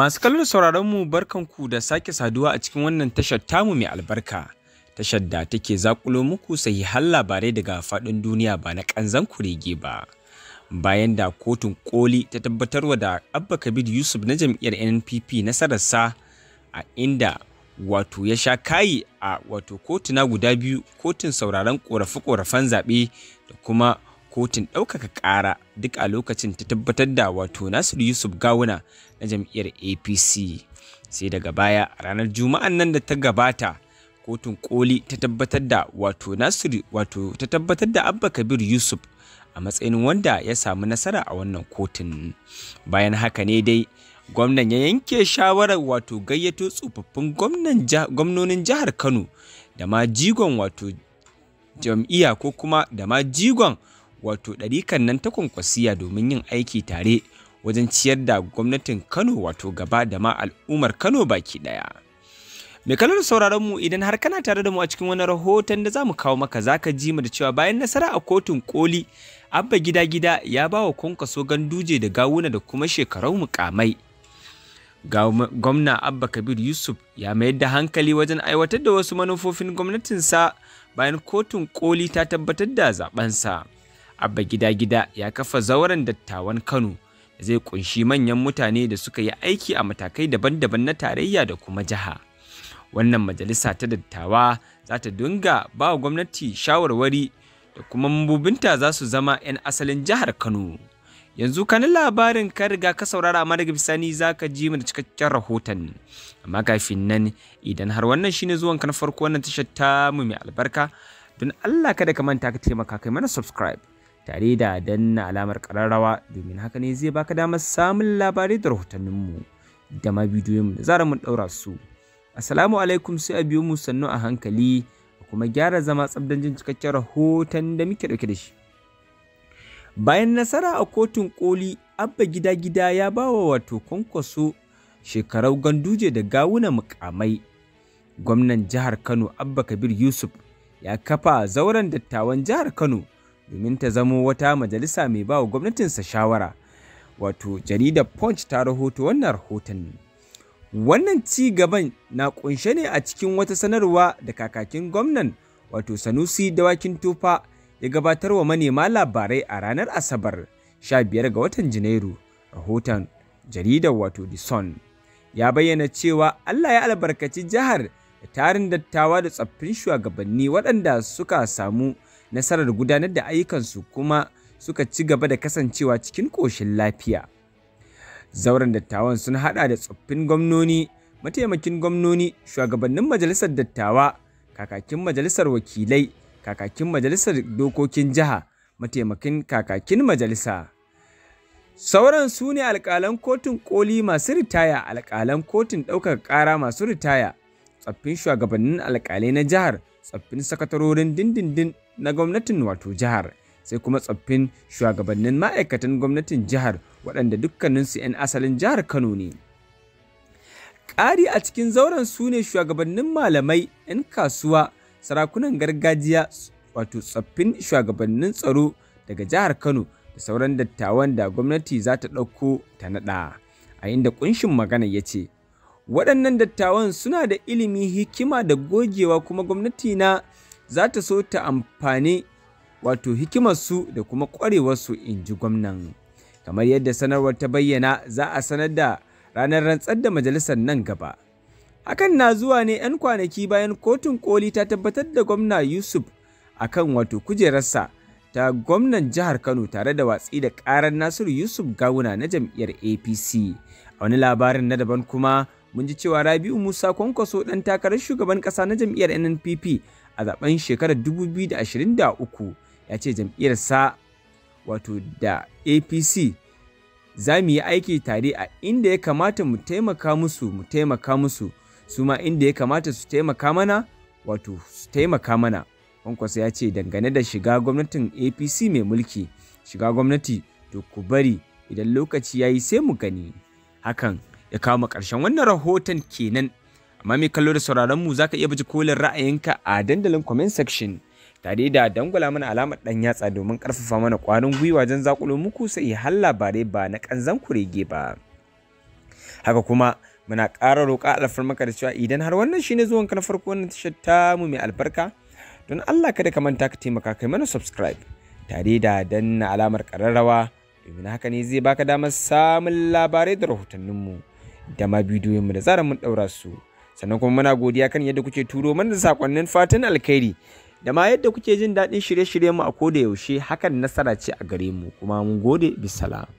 Masu kallon sauraronmu barkanku da sake saduwa a cikin wannan tashar tamu mai albarka. Tashar da take zakulo muku sahihan labarai daga faɗin duniya ba na ƙanzan kurege ba. Bayan da kotun koli ta tabbatarwa da Abba Kabir Yusuf na jam'iyyar NPP nasararsa a inda wato ya sha kayi a wato kotuna guda biyu kotun sauraron ƙorafe-ƙorafen zaɓe da kuma kotun ɗaukaka ƙara duk a lokacin ta tabbatar da wato nasiru yusuf gawuna na jam'iyyar apc sai daga baya ranar juma'an nan da ta gabata kotun koli ta tabbatar da wato nasiru wato ta tabbatar da abba kabir yusuf a matsayin wanda ya samu nasara a wannan kotun bayan haka ne dai gwamnan ya yanke shawarar wato gayyato tsofaffin gwamnonin jihar kano da ma jigon wato jam'iyya ko kuma da ma jigon wato ɗarikan nan ta kwankwasiya domin yin aiki tare wajen ciyar da gwamnatin Kano wato gaba da ma al'ummar Kano baki ɗaya. Mai kallon sauraron mu idan har kana tare da mu a cikin wani rahoton da za mu kawo maka zaka ji mu da cewa bayan nasara a kotun koli abba gida gida ya ba wa kwankwaso ganduje da gawuna da kuma shekarun mukamai. Gwamna Abba Kabir Yusuf ya mayar da hankali wajen aiwatar da wasu manufofin gwamnatinsa bayan kotun koli ta tabbatar da zabensa. abba gida gida ya kafa zauren dattawan kano zai kunshi manyan mutane da suka yi aiki a matakai daban-daban na tarayya da kuma jiha wannan majalisa ta dattawa za ta dinga ba wa gwamnati shawarwari da kuma mabubinta za su zama 'yan asalin jihar kano yanzu ka labarin ka riga ka saurara amma daga bisani za ka ji mana cikakken rahoton amma kafin nan idan har wannan shine zuwan kan farko wannan tashar ta mu mai albarka don allah kada ka manta ka taimaka kai mana subscribe tare da danna alamar kararrawa domin haka ne zai baka damar samun labarai da rahotanninmu da ma bidiyoyinmu da zara mun daura su. Assalamu alaikum sai a biyo mu sannu a hankali a kuma gyara zama tsabdan jin cikakken rahoton da muke ɗauke da shi. Bayan nasara a kotun koli abba gida gida ya bawa wato kwankwaso shekarau ganduje da gawuna mukamai gwamnan jihar kano abba kabir yusuf ya kafa zauren dattawan jihar kano domin ta zamo wata majalisa mai ba wa gwamnatinsa shawara wato jaridar punch ta rahoto wannan rahoton wannan ci gaban na kunshe ne a cikin wata sanarwa da kakakin gwamnan wato sanusi dawakin tufa ya gabatar wa manema labarai a ranar asabar 15 ga watan janairu rahoton jaridar wato the sun ya bayyana cewa allah ya albarkaci jihar da tarin dattawa da tsaffin shugabanni waɗanda suka samu nasarar gudanar da ayyukansu kuma suka ci gaba da kasancewa cikin ƙoshin lafiya. Zauren dattawan sun haɗa da tsoffin gwamnoni, mataimakin gwamnoni, shugabannin majalisar dattawa, kakakin majalisar wakilai, kakakin majalisar dokokin jiha, mataimakin kakakin majalisa. Sauran su ne alƙalan kotun ƙoli masu ritaya, alƙalan kotun ɗaukar ƙara masu ritaya, tsoffin shugabannin alƙalai na jihar tsaffin sakatarorin dindindin na gwamnatin wato jihar sai kuma tsaffin shugabannin ma'aikatan gwamnatin jihar waɗanda dukkaninsu 'yan asalin jihar kano ne ƙari a cikin zauren su ne shugabannin malamai 'yan kasuwa sarakunan gargajiya wato tsaffin shugabannin tsaro daga jihar kano da sauran dattawan da gwamnati za ta ɗauko ta naɗa a inda ƙunshin magana ya ce waɗannan dattawan suna da ilimi hikima da gogewa kuma gwamnati na za ta so ta amfani wato hikimarsu da kuma ƙwarewarsu in ji gwamnan kamar yadda sanarwar ta bayyana za a sanar da ranar rantsar da majalisar nan gaba hakan na zuwa ne 'yan kwanaki bayan kotun koli ta tabbatar da gwamna yusuf akan wato kujerarsa ta gwamnan jihar Kano tare da watsi da karar Nasiru Yusuf Gawuna na jam'iyyar APC. A wani labarin na daban kuma mun ji cewa Rabi'u Musa Kwankwaso ɗan takarar shugaban ƙasa na jam'iyyar NNPP a zaben shekarar 2023 ya ce jam'iyyarsa wato da APC za mu yi aiki tare a inda ya kamata mu taimaka musu mu taimaka musu su ma inda ya kamata su taimaka mana wato su taimaka mana Kwankwaso ya ce dangane da shiga gwamnatin APC mai mulki shiga gwamnati to ku bari idan lokaci ya yi sai mu gani hakan ya kawo ƙarshen wannan rahoton kenan amma mai kallo da sauraron mu zaka iya baje kolin ra'ayinka a dandalin comment section tare da dangwala mana alamar dan yatsa domin karfafa mana kwarin gwiwa wajen zakulo muku sai har labarai ba na kanzan kurege ba haka kuma muna ƙara roƙa alfarmaka da cewa idan har wannan shine zuwan ka na farko wannan tashar ta mu mai albarka don Allah kada ka manta ka taimaka kai mana subscribe tare da danna alamar ƙararrawa domin haka ne zai baka damar samun labarai da rahotanninmu mu da ma bidiyoyinmu da zara mun ɗaura su sannan kuma muna godiya kan yadda kuke turo mana sakonnin fatin alkhairi da ma yadda kuke jin daɗin shirye-shiryenmu a koda yaushe hakan nasara ce a gare mu kuma mun gode bisala